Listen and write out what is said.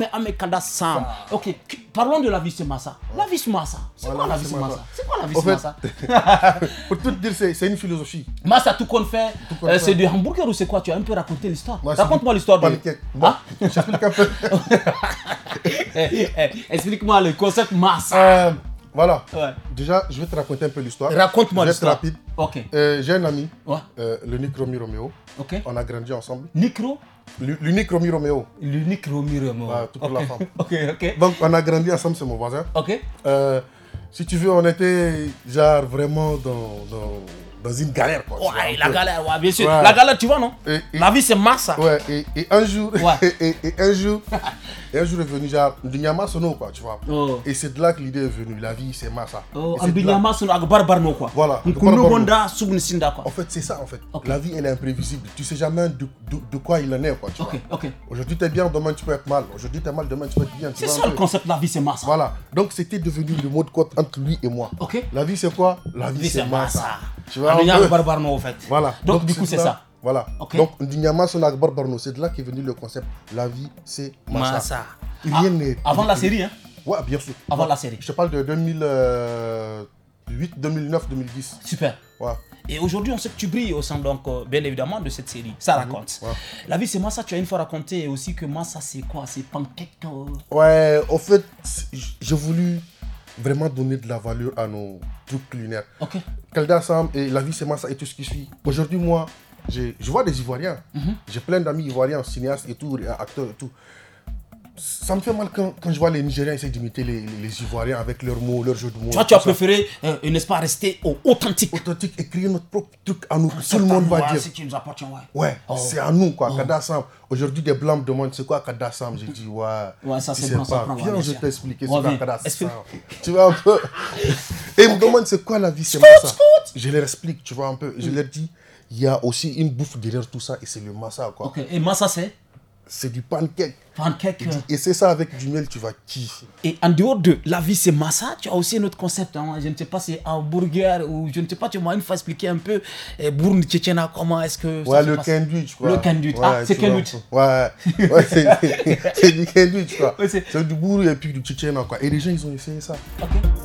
Mais Amekanda Sam. Ok, parlons de la vie Massa. La vie Massa, c'est quoi la vie Massa C'est quoi la vie Massa Pour tout dire, c'est une philosophie. Massa, tout qu'on euh, fait, c'est du hamburger ou c'est quoi Tu as un peu raconté l'histoire. Raconte-moi l'histoire de. Ah? J'explique un peu. Eh, eh, eh, explique-moi le concept Massa. Euh, voilà. Déjà, je vais te raconter un peu l'histoire. Raconte-moi l'histoire. rapide. Ok. rapide. Euh, j'ai un ami, euh, le Nick Romeo. Ok. On a grandi ensemble. Nicro L'unique Romy Romeo. L'unique Romy Romeo. Tout toute la femme. ok, ok. Donc, on a grandi ensemble, c'est mon voisin. Ok. Euh, si tu veux, on était genre vraiment dans dans une galère. Quoi, ouais, la galère, ouais, bien sûr. La galère, tu vois, non La vie, c'est massa. Ouais, et, un jour, et, un jour, et un jour est venu, genre, Ndinyama Sono, quoi, tu vois. Oh. Et c'est de là que l'idée est venue, la vie, c'est massa. Oh, Ndinyama Sono, quoi. Voilà. une quoi. En fait, c'est ça, en fait. La vie, elle est imprévisible. Tu sais jamais de, quoi il en est, quoi, tu vois. vois. ok. Aujourd'hui, t'es bien, demain, tu peux être mal. Aujourd'hui, t'es mal, demain, tu peux être bien. C'est ça le concept, la vie, c'est massa. Hein. Voilà. Donc, c'était devenu le mot de quoi entre lui et moi. Ok. La vie, c'est quoi La vie, c'est massa. Tu vois, ah, Barbarno, fait. Voilà. Donc, du coup, c'est ça. Voilà. Donc, Ndinyama Barbarno, c'est de là qu'est venu le concept La vie, c'est Massa. Rien ah, n'est. Avant la série, hein Ouais, bien sûr. Avant la série. Je parle de 2008, 2009, 2010. Super. Ouais. Et aujourd'hui, on sait que tu brilles au sein, donc, euh, bien évidemment, de cette série. Ça mhm. raconte. La vie, c'est Massa. Tu as une fois raconté aussi que Massa, c'est quoi C'est pancake euh. Ouais, au fait, j'ai voulu vraiment donner de la valeur à nos Culinaire, ok Ok. et La vie, c'est ça et tout ce qui suit. Aujourd'hui, moi, je, vois des Ivoiriens. Mhm. J'ai plein d'amis Ivoiriens, cinéastes et tout, acteurs et tout. Ça me fait mal quand, quand je vois les Nigériens essayer d'imiter les, Ivoiriens avec leurs mots, leurs jeux de mots. Toi, tu as préféré, euh, euh, n'est-ce pas, rester authentique. Authentique et créer notre propre truc à nous. Tout le monde va dire. C'est nous ouais. Ouais, oh. c'est à nous, quoi. Oh. Aujourd'hui, des Blancs me demandent c'est quoi Kadassam. J'ai dit, ouais. Ouais, ça, c'est bon, pas. Viens, je t'explique t'expliquer c'est quoi Tu vois un peu. Et ils me demandent c'est quoi la vie, c'est Massa Je leur explique, tu vois, un peu. Je mm. leur dis, il y a aussi une bouffe derrière tout ça et c'est le massa, quoi. Ok Et massa, c'est C'est du pancake. Pancake. Et c'est ça avec du miel, tu vas kiffer. Et en dehors de la vie, c'est massa, tu as aussi un autre concept. Hein. Je ne sais pas, c'est un burger ou je ne sais pas, tu m'as une fois expliqué un peu, eh, Bourne Tchétchéna, comment est-ce que. Ça ouais, le le sandwich, quoi. Le sandwich. ah, c'est sandwich. Ouais, ouais c'est du sandwich, quoi. Ouais, c'est du burundi et puis du Tchétchéna, quoi. Et les gens, ils ont essayé ça. Ok.